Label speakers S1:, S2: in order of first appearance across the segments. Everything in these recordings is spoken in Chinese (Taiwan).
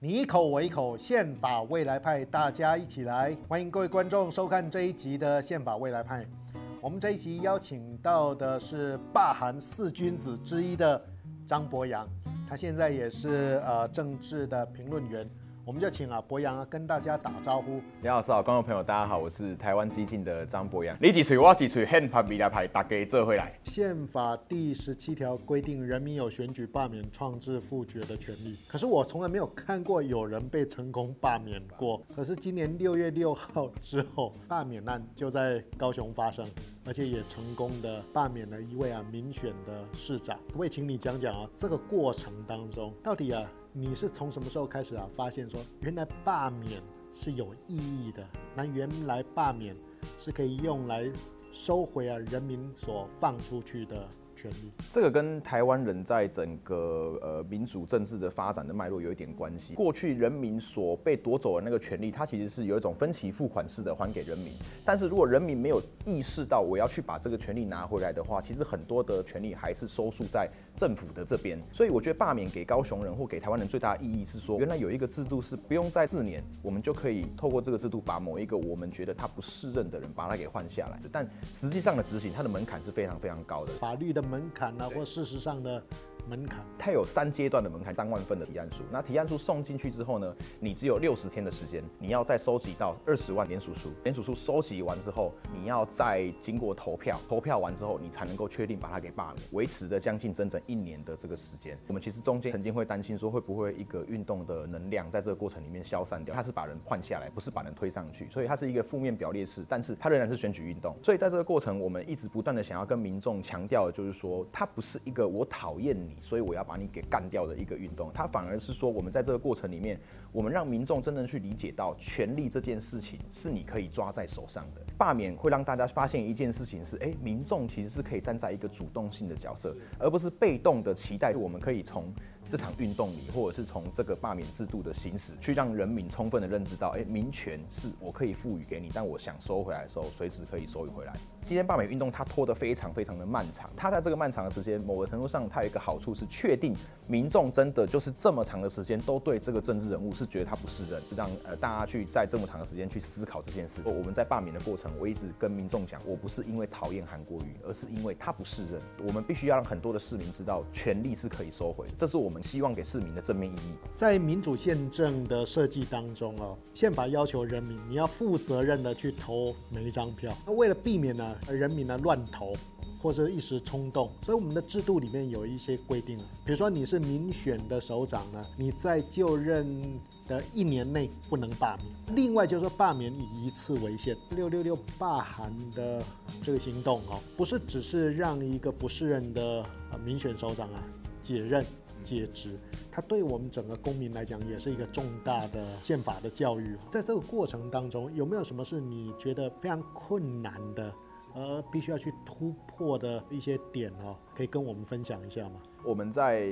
S1: 你一口我一口，憲法未來派，大家一起來，歡迎各位觀眾收看這一集的憲法未來派。我們這一集邀請到的是罷韓四君子之一的張博洋，他現在也是呃政治的評論員。我們就請啊，博洋啊，跟大家打招呼。
S2: 你老師好，觀眾朋友大家好，我是台灣基進的張博洋。你幾錘，我幾錘，很拍米來拍，打給這回來。
S1: 憲法第十七條規定，人民有選舉、罷免、創制、複決的權利。可是我從來沒有看過有人被成功罷免過。可是今年六月六號之後，罷免案就在高雄發生，而且也成功的罷免了一位啊民選的市長。我也請你講講啊，這個過程當中，到底啊，你是從什麼時候開始啊，發現說，原來罷免是有意義的，那原來罷免是可以用來收回啊人民所放出去的權利，
S2: 這個跟台灣人在整個呃民主政治的發展的脈絡有一點關係。過去人民所被奪走的那個權利，它其實是有一種分期付款式的還給人民。但是如果人民沒有意識到我要去把這個權利拿回來的話，其實很多的權利還是收束在政府的這邊。所以我覺得罷免給高雄人或給台灣人最大的意義是說，原來有一個制度是不用再四年，我們就可以透過這個制度把某一個我們覺得他不適任的人把他給換下來。但實際上的執行，它的門檻是非常非常高的，法律的。門檻啊對，或
S1: 事實上的
S2: 門檻，它有三階段的門檻，三萬份的提案書。那提案書送進去之後呢，你只有六十天的時間，你要再收集到二十萬聯署書，聯署書收集完之後，你要再經過投票，投票完之後，你才能夠確定把它給罷免，維持了將近整整一年的這個時間，我們其實中間曾經會擔心說，會不會一個運動的能量在這個過程裡面消散掉？它是把人換下來，不是把人推上去，所以它是一個負面表列式，但是它仍然是選舉運動。所以在這個過程，我們一直不斷的想要跟民眾強調的，就是。說它不是一個我討厭你，所以我要把你給幹掉的一個運動，它反而是說我們在這個過程裡面，我們讓民眾真正去理解到權力這件事情是你可以抓在手上的。罷免會讓大家發現一件事情是，誒，民眾其實是可以站在一個主動性的角色，而不是被動的期待我們可以從。這場運動裡，或者是從這個罷免制度的行使，去讓人民充分的認知到，哎，民權是我可以賦予給你，但我想收回來的時候，隨時可以收回來。今天罷免運動它拖得非常非常的漫長，它在這個漫長的時間，某個程度上，它有一個好處是確定民眾真的就是這麼長的時間都對這個政治人物是覺得他不適任，就讓呃大家去在這麼長的時間去思考這件事。我們在罷免的過程，我一直跟民眾講，我不是因為討厭韓國瑜，而是因為他不適任，我們必須要讓很多的
S1: 市民知道，權力是可以收回的。這是我們。希望給市民的正面意義，在民主憲政的設計當中哦，憲法要求人民你要負責任的去投每一張票。那為了避免呢、啊、人民呢亂投或是一時衝動，所以我們的制度裡面有一些規定、啊、比如說你是民選的首長呢、啊，你在就任的一年內不能罷免。另外就是說罷免以一次為限。六六六罷韓的這個行動哦、啊，不是只是讓一個不適任的民選首長啊解任。解職，它對我們整個公民來講也是一個重大的憲法的教育。在這個過程當中，有沒有什麼是你覺得非常困難的？呃，必須要去突破的一些點哦，可以跟我們分享一下嗎？我們
S2: 在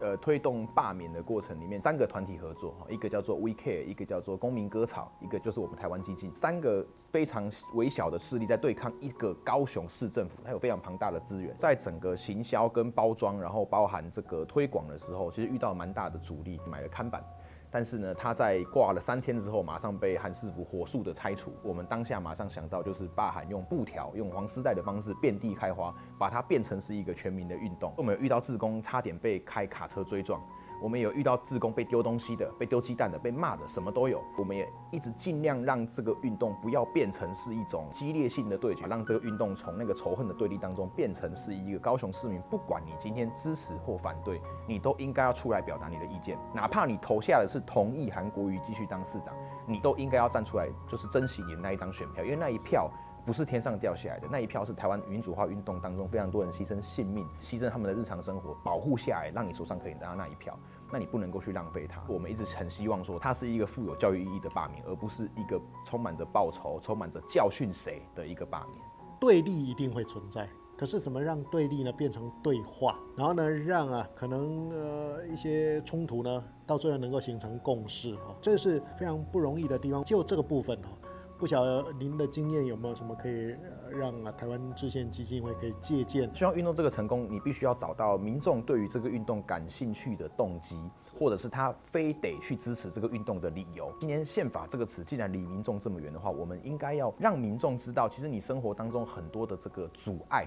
S2: 呃推動罷免的過程裡
S1: 面，三個團體合作哈，
S2: 一個叫做 We Care，一個叫做公民割草，一個就是我們台灣基進，三個非常微小的勢力在對抗一個高雄市政府，它有非常龐大的資源，在整個行銷跟包裝，然後包含這個推廣的時候，其實遇到蠻大的阻力，買了看板。但是呢，他在掛了三天之後，馬上被韓市府火速的拆除。我們當下馬上想到，就是罷韓用布條、用黃絲帶的方式遍地開花，把它變成是一個全民的運動。我們遇到志工差點被開卡車追撞。我們有遇到志工被丟東西的，被丟雞蛋的，被罵的，什麼都有。我們也一直儘量讓這個運動不要變成是一種激烈性的對決，讓這個運動從那個仇恨的對立當中變成是一個高雄市民，不管你今天支持或反對，你都應該要出來表達你的意見，哪怕你投下的是同意韓國瑜繼續當市長，你都應該要站出來，就是珍惜你的那一張選票，因為那一票。不是天上掉下來的那一票，是台灣民主化運動當中非常多人犧牲性命、犧牲他們的日常生活，保護下來讓你手上可以拿到那一票，那你不能夠去浪費它。我們一直很希望說，它是一個富有教育意義的罷免，而不是一個充滿着報仇、充滿着教訓誰的一個罷免。
S1: 對立一定會存在，可是怎麼讓對立呢變成對話？然後呢，讓啊可能呃一些衝突呢，到最後能夠形成共識哈，這是非常不容易的地方。就這個部分哈。不曉得您的經驗有沒有什麼可以讓台灣制憲基金會可以借鑑？希望運動這個成功，你必須要找
S2: 到民眾對於這個運動感興趣的動機，或者是他非得去支持這個運動的理由。今年憲法這個詞既然離民眾這麼遠的話，我們應該要讓民眾知道，其實你生活當中很多的這個阻礙。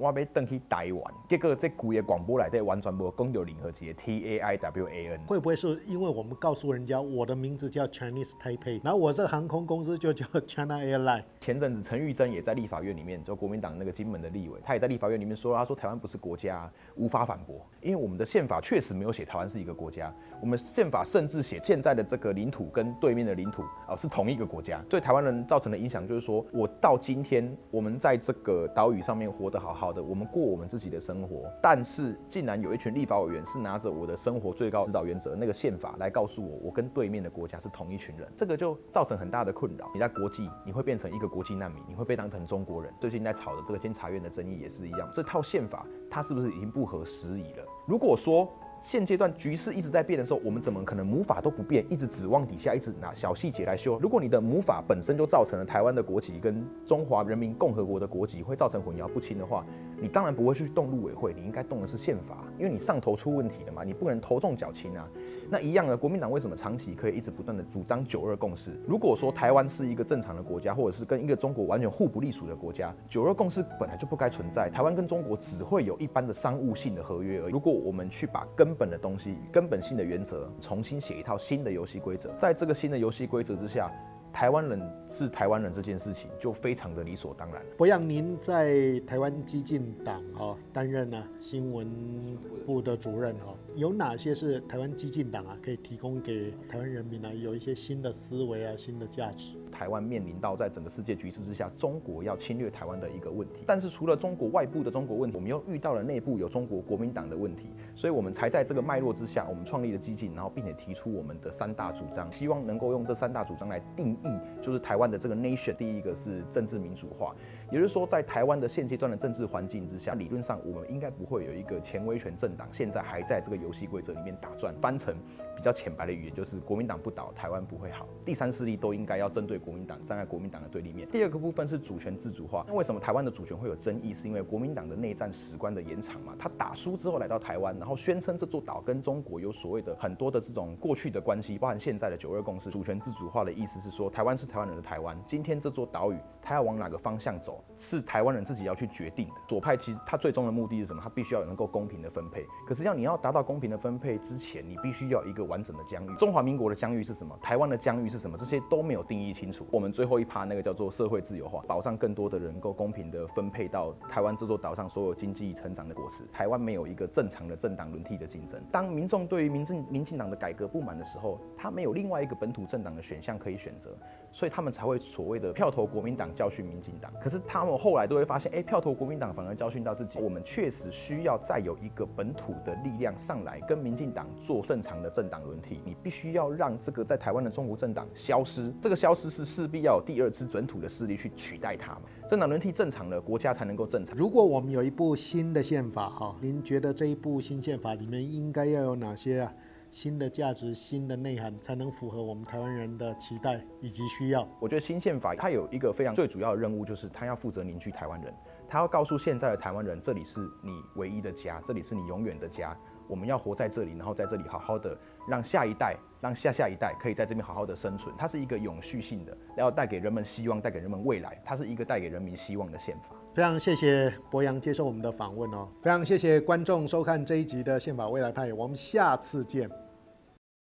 S2: 我要登去台灣，結果在古的廣播裡頭完全無公有聯合體的 T A I W A N。
S1: 會不會是因為我們告訴人家我的名字叫 Chinese Taipei，然後我這航空公司就叫 China Airlines？前陣子陳玉珍也在立法院裡面，就國民黨那
S2: 個金門的立委，他也在立法院裡面說，他說台灣不是國家，啊，無法反駁，因為我們的憲法確實沒有寫台灣是一個國家，我們憲法甚至寫現在的這個領土跟對面的領土啊、呃、是同一個國家，對台灣人造成的影響就是說，我到今天我們在這個島嶼上面活得好好。好的，我們過我們自己的生活，但是竟然有一群立法委員是拿着我的生活最高指導原則那個憲法來告訴我，我跟對面的國家是同一群人，這個就造成很大的困擾。你在國際，你會變成一個國際難民，你會被當成中國人。最近在吵的這個監察院的爭議也是一樣，這套憲法它是不是已經不合時宜了？如果說。現階段局勢一直在變的時候，我們怎麼可能母法都不變，一直指望底下，一直拿小細節來修？如果你的母法本身就造成了台灣的國籍跟中華人民共和國的國籍會造成混淆不清的話，你當然不會去動陸委會，你應該動的是憲法，因為你上頭出問題了嘛，你不能頭重腳輕啊。那一樣呢，國民黨為什麼長期可以一直不斷的主張九二共識？如果說台灣是一個正常的國家，或者是跟一個中國完全互不隸屬的國家，九二共識本來就不該存在，台灣跟中國只會有一般的商務性的合約而已。如果我們去把根根本的東西、根本性的原則，重新寫一套新的遊戲規則。在這個新的遊戲規則之下，台灣人是台灣人這件事情就非常的理所當然。
S1: 博洋，您在台灣基進黨啊擔任啊新聞部的主任哦，有哪些是台灣基進黨啊可以提供給台灣人民呢、啊？有一些新的思維啊，新的價值。臺灣面臨到在整個世界局勢之下，中國要侵略臺灣的一個問題。但是
S2: 除了中國外部的中國問題，我們又遇到了內部有中國國民黨的問題，所以我們才在這個脈絡之下，我們創立了基進，然後並且提出我們的三大主張，希望能夠用這三大主張來定義就是臺灣的這個 nation。第一個是政治民主化，也就是說在臺灣的現階段的政治環境之下，理論上我們應該不會有一個前威權政黨現在還在這個遊戲規則裡面打轉。翻成比較淺白的語言，就是國民黨不倒，臺灣不會好。第三勢力都應該要針對國。國民黨站在國民黨的對立面。第二個部分是主權自主化，那為什麼台灣的主權會有爭議？是因為國民黨的內戰史觀的延長嘛？他打輸之後來到台灣，然後宣稱這座島跟中國有所謂的很多的這種過去的關係，包含現在的九二共識。主權自主化的意思是說，台灣是台灣人的台灣。今天這座島嶼，他要往哪個方向走，是台灣人自己要去決定的。左派其實他最終的目的是什麼？他必須要有能夠公平的分配，可是要你要達到公平的分配之前，你必須要有一個完整的疆域。中華民國的疆域是什麼？台灣的疆域是什麼？這些都沒有定義清。我們最後一趴那個叫做社會自由化，保障更多的人夠公平的分配到台灣這座島上所有經濟成長的果實。台灣沒有一個正常的政黨輪替的競爭，當民眾對於民政民進黨的改革不滿的時候，他沒有另外一個本土政黨的選項可以選擇，所以他們才會所謂的票投國民黨教訓民進黨。可是他們後來都會發現，哎，票投國民黨反而教訓到自己，我們確實需要再有一個本土的力量上來跟民進黨做正常的政黨輪替。你必須要讓這個在台灣的中國政黨消失，這個消失是。勢必要有第二支準土的勢力去取代它嘛。政黨輪替正常了，國家才能夠
S1: 正常。如果我們有一部新的憲法哈，您覺得這一部新憲法裡面應該要有哪些啊新的價值、新的內涵，才能符合我們台灣人的期待以及需要？
S2: 我覺得新憲法它有一個非常最主要的任務，就是它要負責凝聚台灣人，它要告訴現在的台灣人，這裡是你唯一的家，這裡是你永遠的家。我們要活在這裡，然後在這裡好好的，讓下一代、讓下下一代可以在這邊好好的生存。它是一個永續性的，然後帶給人們希望，帶給人們未來。它是一個帶給人民希望的憲法。
S1: 非常謝謝博洋接受我們的訪問哦，非常謝謝觀眾收看這一集的《憲法未來派》，我們下次見。